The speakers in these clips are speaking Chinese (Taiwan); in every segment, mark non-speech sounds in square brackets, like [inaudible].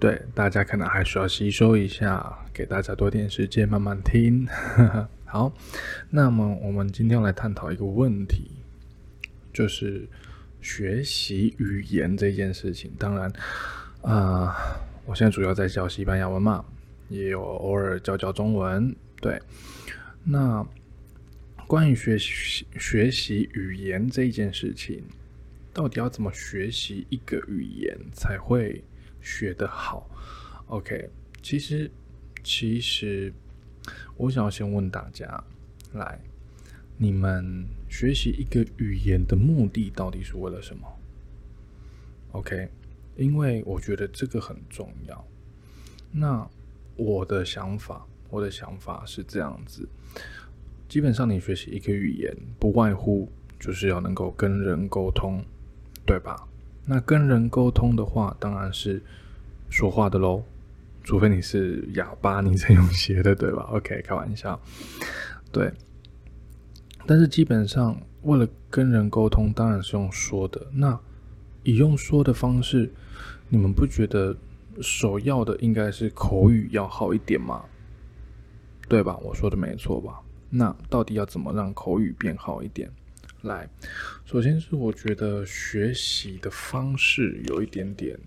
對，大家可能還需要吸收一下，給大家多點時間慢慢聽。 [laughs] 好，那麼我們今天要來探討一個問題，就是學習語言這件事情。當然，啊、呃，我現在主要在教西班牙文嘛，也有偶爾教教中文。對，那關於學習學習語言這件事情，到底要怎麼學習一個語言才會學得好，OK。其實，其實我想要先問大家，來，你們學習一個語言的目的到底是為了什麼？OK，因為我覺得這個很重要。那我的想法，我的想法是這樣子，基本上，你學習一個語言，不外乎就是要能夠跟人溝通，對吧？那跟人溝通的話，當然是說話的嘍，除非你是啞巴，你才用寫的，對吧？OK，開玩笑，對。但是基本上，為了跟人溝通，當然是用說的。那以用說的方式，你們不覺得首要的應該是口語要好一點嗎？對吧？我說的沒錯吧？那到底要怎麼讓口語變好一點？來，首先是我覺得學習的方式有一點點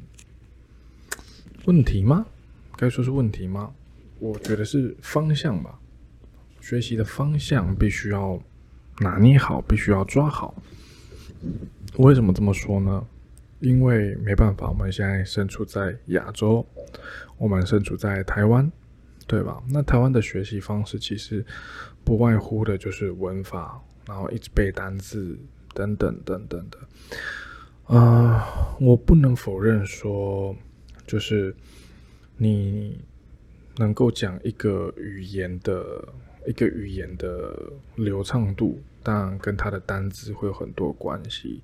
問題嗎？該說是問題嗎？我覺得是方向吧。學習的方向必須要拿捏好，必須要抓好。我為什麼這麼說呢？因為沒辦法，我們現在身處在亞洲，我們身處在台灣，對吧？那台灣的學習方式其實不外乎的就是文法，然後一直背單詞，等等等等的，啊、呃，我不能否認說，就是你能夠講一個語言的一個語言的流暢度，但跟他的單詞會有很多關係，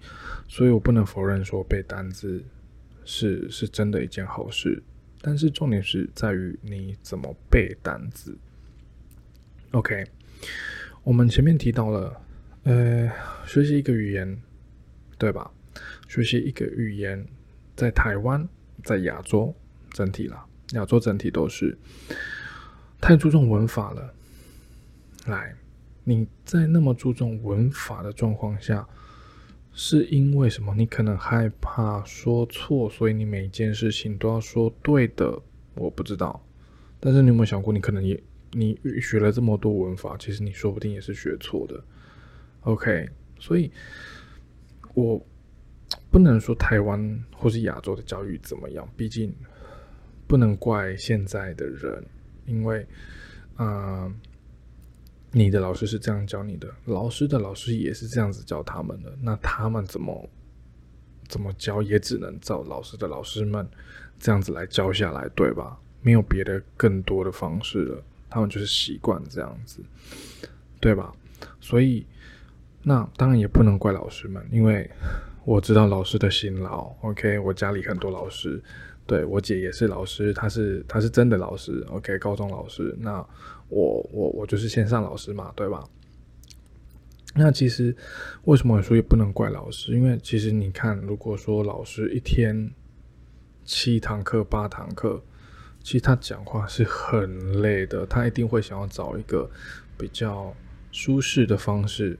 所以我不能否認說背單詞是是真的一件好事，但是重點是在於你怎麼背單詞。OK，我們前面提到了。呃，學習一個語言，對吧？學習一個語言，在台灣，在亞洲整體啦，亞洲整體都是太注重文法了。來，你在那麼注重文法的狀況下，是因為什麼？你可能害怕說錯，所以你每一件事情都要說對的。我不知道，但是你有沒有想過，你可能也，你學了這麼多文法，其實你說不定也是學錯的。OK，所以，我不能說台灣或是亞洲的教育怎麼樣，畢竟不能怪現在的人，因為啊、呃，你的老師是這樣教你的，老師的老師也是這樣子教他們的，那他們怎麼怎麼教，也只能照老師的老師們這樣子來教下來，對吧？沒有別的更多的方式了，他們就是習慣這樣子，對吧？所以。那當然也不能怪老師們，因為我知道老師的辛勞。OK，我家裡很多老師，對，我姐也是老師，她是她是真的老師。OK，高中老師。那我我我就是線上老師嘛，對吧？那其實為什麼我說也不能怪老師？因為其實你看，如果說老師一天七堂課八堂課，其實他講話是很累的，他一定會想要找一個比較舒適的方式。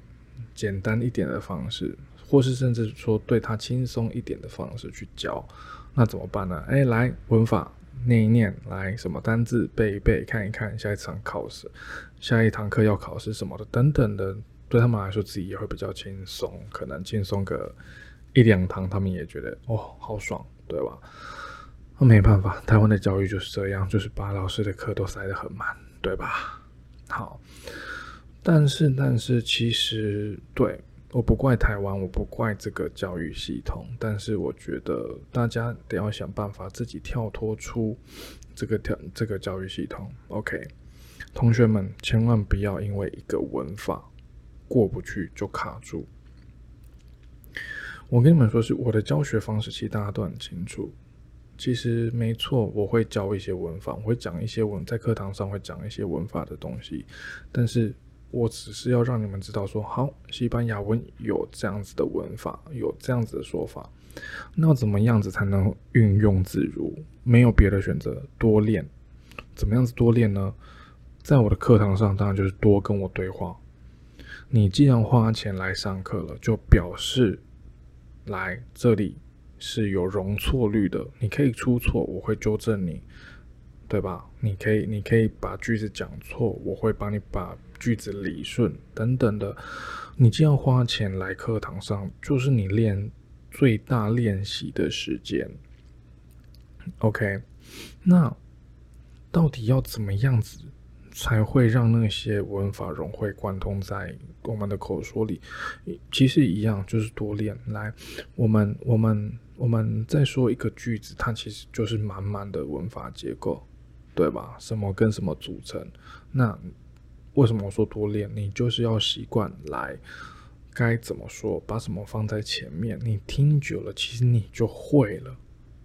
簡單一點的方式，或是甚至說對他輕鬆一點的方式去教，那怎麼辦呢？哎、欸，來文法念一念，來什麼單字背一背，看一看下一場考試，下一堂課要考試什麼的等等的，對他們來說自己也會比較輕鬆，可能輕鬆個一兩堂，他們也覺得哦好爽，對吧？那沒辦法，台灣的教育就是這樣，就是把老師的課都塞得很滿，對吧？好。但是，但是，其實對我不怪台灣，我不怪這個教育系統。但是，我覺得大家得要想辦法自己跳脫出這個跳這個教育系統。OK，同學們千萬不要因為一個文法過不去就卡住。我跟你們說是，是我的教學方式，其實大家都很清楚。其實沒錯，我會教一些文法，我會講一些文，在課堂上會講一些文法的東西，但是。我只是要讓你們知道說，說好，西班牙文有這樣子的文法，有這樣子的說法，那怎麼樣子才能運用自如？沒有別的選擇，多練。怎麼樣子多練呢？在我的課堂上，當然就是多跟我對話。你既然花錢來上課了，就表示來這裡是有容錯率的，你可以出錯，我會糾正你。對吧？你可以，你可以把句子講錯，我會幫你把句子理順等等的。你既要花錢來課堂上，就是你練最大練習的時間。OK，那到底要怎麼樣子才會讓那些文法融會貫通在我們的口說裡？其實一樣，就是多練。來，我們我們我們再說一個句子，它其實就是滿滿的文法結構。對吧？什麼跟什麼組成？那為什麼我說多練？你就是要習慣來，該怎麼說，把什麼放在前面？你聽久了，其實你就會了。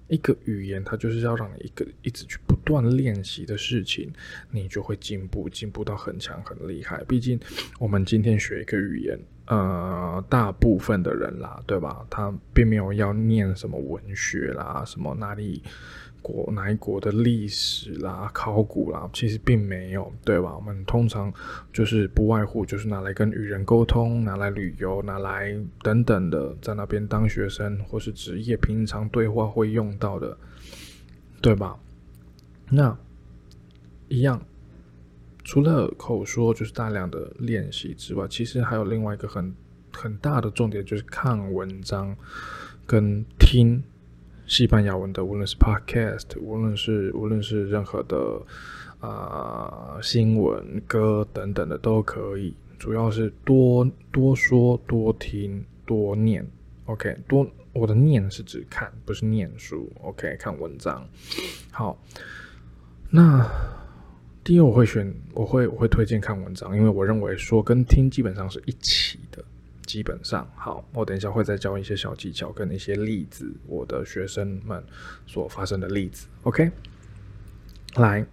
一個語言，它就是要讓你一個一直去不斷練習的事情，你就會進步，進步到很強很厲害。畢竟我們今天學一個語言，呃，大部分的人啦，對吧？他並沒有要念什麼文學啦，什麼哪裡。國哪一國的歷史啦、考古啦，其實並沒有，對吧？我們通常就是不外乎就是拿來跟與人溝通、拿來旅遊、拿來等等的，在那邊當學生或是職業，平常對話會用到的，對吧？那一樣，除了口說就是大量的練習之外，其實還有另外一個很很大的重點，就是看文章跟聽。西班牙文的，無論是 podcast，無論是無論是任何的啊、呃、新聞、歌等等的都可以，主要是多多說、多聽、多念。OK，多我的念是指看，不是念書。OK，看文章。好，那第一我會選，我會我會推薦看文章，因為我認為說跟聽基本上是一起。基本上好，我等一下會再教一些小技巧跟一些例子，我的學生們所發生的例子。OK，來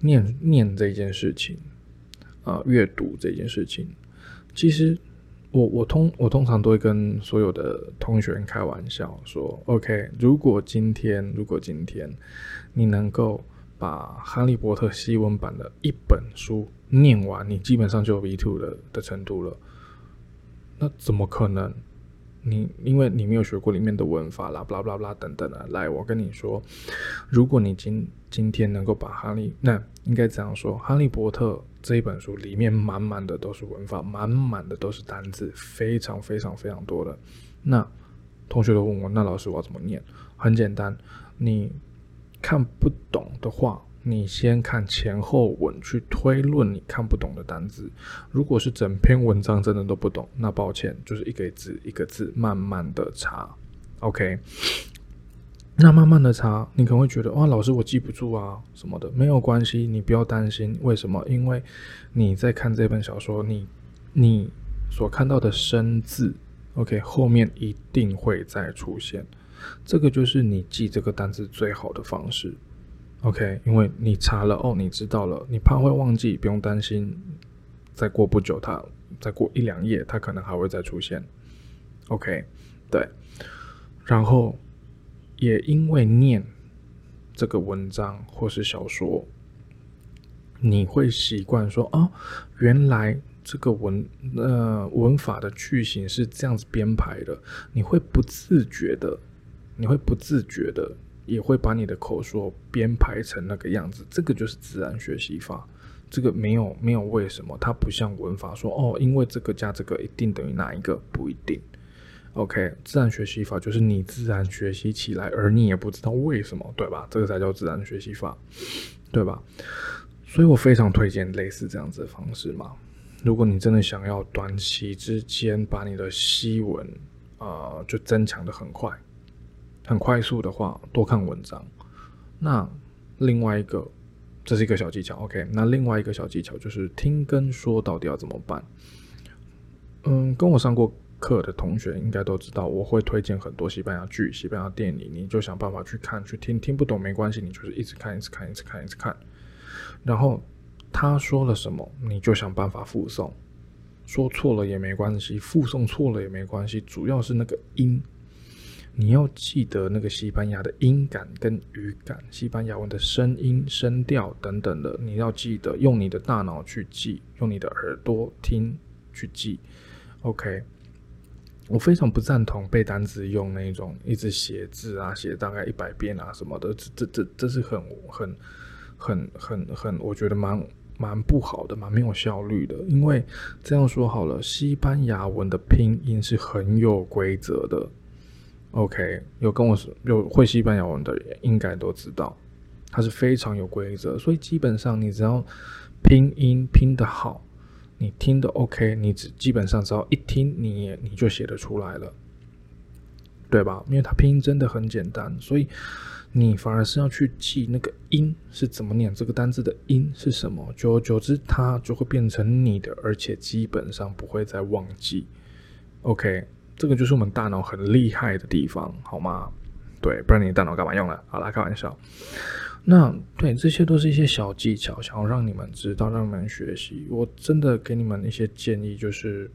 念念這件事情啊，閱、呃、讀，這件事情。其實我我通我通常都會跟所有的同學們開玩笑說，OK，如果今天如果今天你能夠把《哈利波特》西文版的一本書念完，你基本上就有 B2 了的程度了。那怎麼可能？你因為你沒有學過裡面的文法啦，巴拉巴拉巴拉等等的、啊。來，我跟你說，如果你今今天能夠把哈利，那應該這樣說，《哈利波特》這一本書裡面滿滿的都是文法，滿滿的都是單字，非常非常非常多的。那同學都問我，那老師我要怎麼念？很簡單，你看不懂的話。你先看前後文去推論你看不懂的單字，如果是整篇文章真的都不懂，那抱歉，就是一個一字一個字慢慢的查，OK？那慢慢的查，你可能會覺得哇，老師我記不住啊什麼的，沒有關係，你不要擔心，為什麼？因為你在看這本小說，你你所看到的生字，OK？後面一定會再出現，這個就是你記這個單詞最好的方式。OK，因為你查了哦，你知道了，你怕會忘記，不用擔心。再過不久它，它再過一兩頁，它可能還會再出現。OK，對。然後也因為念這個文章或是小說，你會習慣說哦，原來這個文呃文法的句型是這樣子編排的，你會不自覺的，你會不自覺的。也會把你的口說編排成那個樣子，這個就是自然學習法，這個沒有沒有為什麼，它不像文法說哦，因為這個加這個一定等於哪一個，不一定。OK，自然學習法就是你自然學習起來，而你也不知道為什麼，對吧？這個才叫自然學習法，對吧？所以我非常推薦類似這樣子的方式嘛。如果你真的想要短期之間把你的西文啊，呃，就增強的很快。很快速的話，多看文章。那另外一個，這是一個小技巧。OK，那另外一個小技巧就是聽跟說到底要怎麼辦？嗯，跟我上過課的同學應該都知道，我會推薦很多西班牙劇、西班牙電影，你就想辦法去看、去聽。聽不懂沒關係，你就是一直看、一直看、一直看、一直看、一直看。然後他說了什麼，你就想辦法複誦。說錯了也沒關係，複誦錯了也沒關係，主要是那個音。你要記得那個西班牙的音感跟語感，西班牙文的聲音、聲調等等的，你要記得用你的大腦去記，用你的耳朵聽去記。OK，我非常不贊同背單詞用那種一直寫字啊，寫大概一百遍啊什麼的，這這這這是很很很很很，我覺得蠻蠻不好的，蠻沒有效率的。因為這樣說好了，西班牙文的拼音是很有規則的。OK，有跟我有會西班牙文的人應該都知道，它是非常有規則，所以基本上你只要拼音拼得好，你聽得 OK，你只基本上只要一聽你你就寫得出來了，對吧？因為它拼音真的很簡單，所以你反而是要去記那個音是怎麼念這個單字的音是什麼，久而久之它就會變成你的，而且基本上不會再忘記。OK。這個就是我們大腦很厲害的地方，好嗎？對，不然你大腦幹嘛用了？好啦，開玩笑。那對，這些都是一些小技巧，想要讓你們知道，讓你們學習。我真的給你們一些建議，就是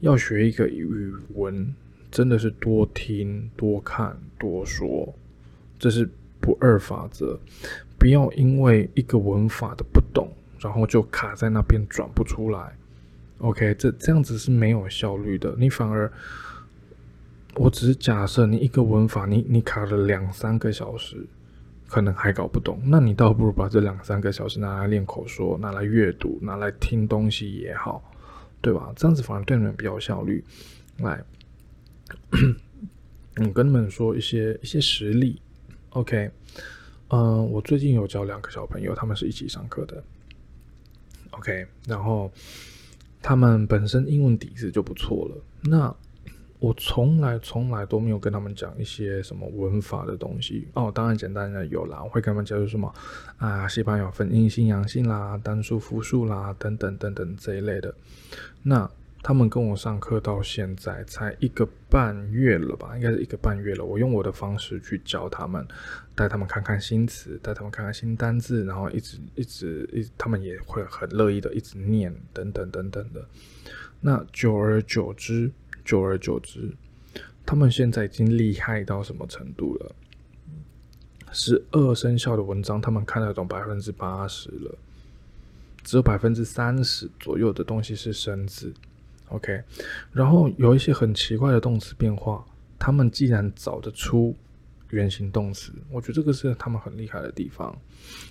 要學一個語文，真的是多聽、多看、多說，這是不二法則。不要因為一個文法的不懂，然後就卡在那邊轉不出來。OK，這這樣子是沒有效率的。你反而，我只是假設你一個文法，你你卡了兩三個小時，可能還搞不懂。那你倒不如把這兩三個小時拿來練口說，拿來閱讀，拿來聽東西也好，對吧？這樣子反而對你們比較效率。來， [coughs] 你跟你們說一些一些實例。OK，呃，我最近有教兩個小朋友，他們是一起上課的。OK，然後。他們本身英文底子就不錯了，那我從來從來都沒有跟他們講一些什麼文法的東西哦，當然簡單的有啦，我會跟他們講就是什麼啊，西班牙分陰性陽性啦，單數複數啦，等等等等這一類的，那。他們跟我上課到現在才一個半月了吧，應該是一個半月了。我用我的方式去教他們，帶他們看看新詞，帶他們看看新單字，然後一直，一直，一，他們也會很樂意的一直念，等等，等等的。那久而久之，久而久之，他們現在已經厲害到什麼程度了？十二生肖的文章，他們看得懂百分之八十了，只有百分之三十左右的東西是生字。OK，然後有一些很奇怪的動詞變化，他們既然找得出原形動詞，我覺得這個是他們很厲害的地方。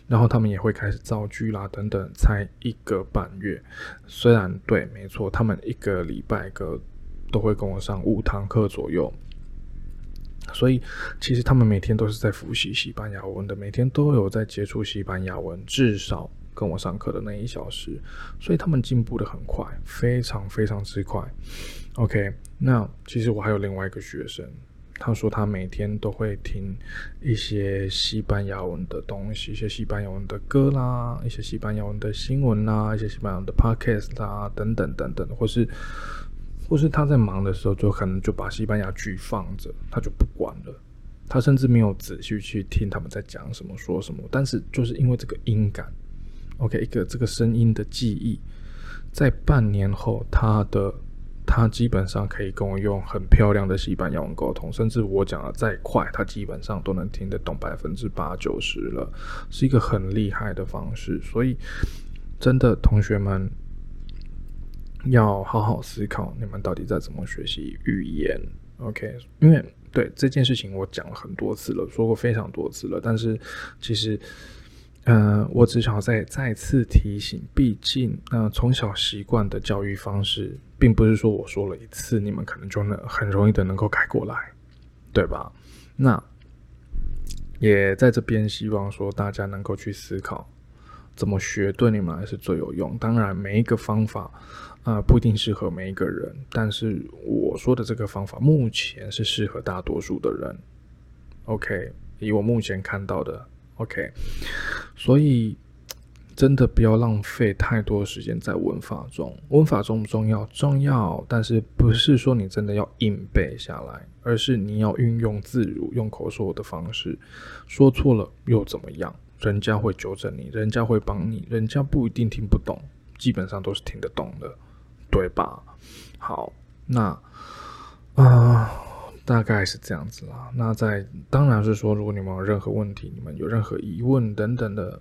然後他們也會開始造句啦，等等。才一個半月，雖然對，沒錯，他們一個禮拜個都會跟我上五堂課左右，所以其實他們每天都是在複習西班牙文的，每天都有在接觸西班牙文，至少。跟我上課的那一小時，所以他們進步得很快，非常非常之快。OK，那其實我還有另外一個學生，他說他每天都會聽一些西班牙文的東西，一些西班牙文的歌啦，一些西班牙文的新聞啦，一些西班牙文的 podcast 啦，等等等等，或是或是他在忙的時候，就可能就把西班牙劇放着，他就不管了，他甚至沒有仔細去聽他們在講什麼說什麼，但是就是因為這個音感。OK，一個這個聲音的記憶，在半年後，他的他基本上可以跟我用很漂亮的西班牙文溝通，甚至我講得再快，他基本上都能聽得懂百分之八九十了，是一個很厲害的方式。所以，真的，同學們要好好思考，你們到底在怎麼學習語言？OK，因為對這件事情，我講了很多次了，說過非常多次了，但是其實。呃，我只想再再次提醒，畢竟，呃，從小習慣的教育方式，並不是說我說了一次，你們可能就能很容易的能夠改過來，對吧？那也在這邊希望說大家能夠去思考，怎麼學對你們來說最有用。當然，每一個方法，呃，不一定適合每一個人，但是我說的這個方法，目前是適合大多數的人。OK，以我目前看到的。OK，所以真的不要浪費太多時間在文法中。文法重不重要？重要，但是不是說你真的要硬背下來，嗯、而是你要運用自如，用口說的方式。說錯了又怎麼樣？人家會糾正你，人家會幫你，人家不一定聽不懂，基本上都是聽得懂的，對吧？好，那啊。呃大概是這樣子啊，那在當然是說，如果你們有任何問題，你們有任何疑問等等的，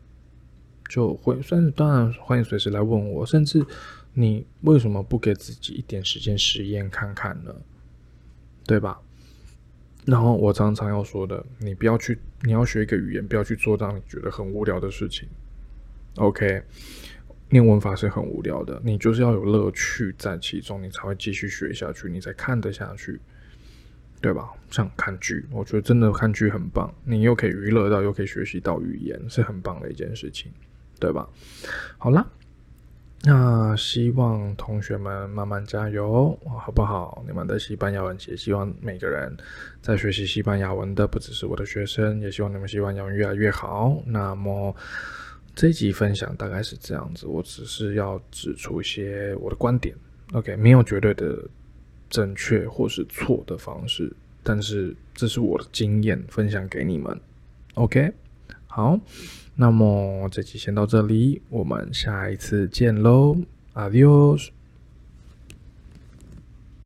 就會，算是。當然歡迎隨時來問我。甚至你為什麼不給自己一點時間實驗看看呢？對吧？然後我常常要說的，你不要去，你要學一個語言，不要去做讓你覺得很無聊的事情。OK，念文法是很無聊的，你就是要有樂趣在其中，你才會繼續學下去，你才看得下去。對吧？像看劇，我覺得真的看劇很棒，你又可以娛樂到，又可以學習到語言，是很棒的一件事情，對吧？好啦，那希望同學們慢慢加油，好不好？你們的西班牙文也希望每個人在學習西班牙文的，不只是我的學生，也希望你們西班牙文越來越好。那麼這一集分享大概是這樣子，我只是要指出一些我的觀點，OK，沒有絕對的。正確或是錯的方式，但是這是我的經驗，分享給你們。OK，好，那麼這期先到這裡，我們下一次見嘍，Adiós。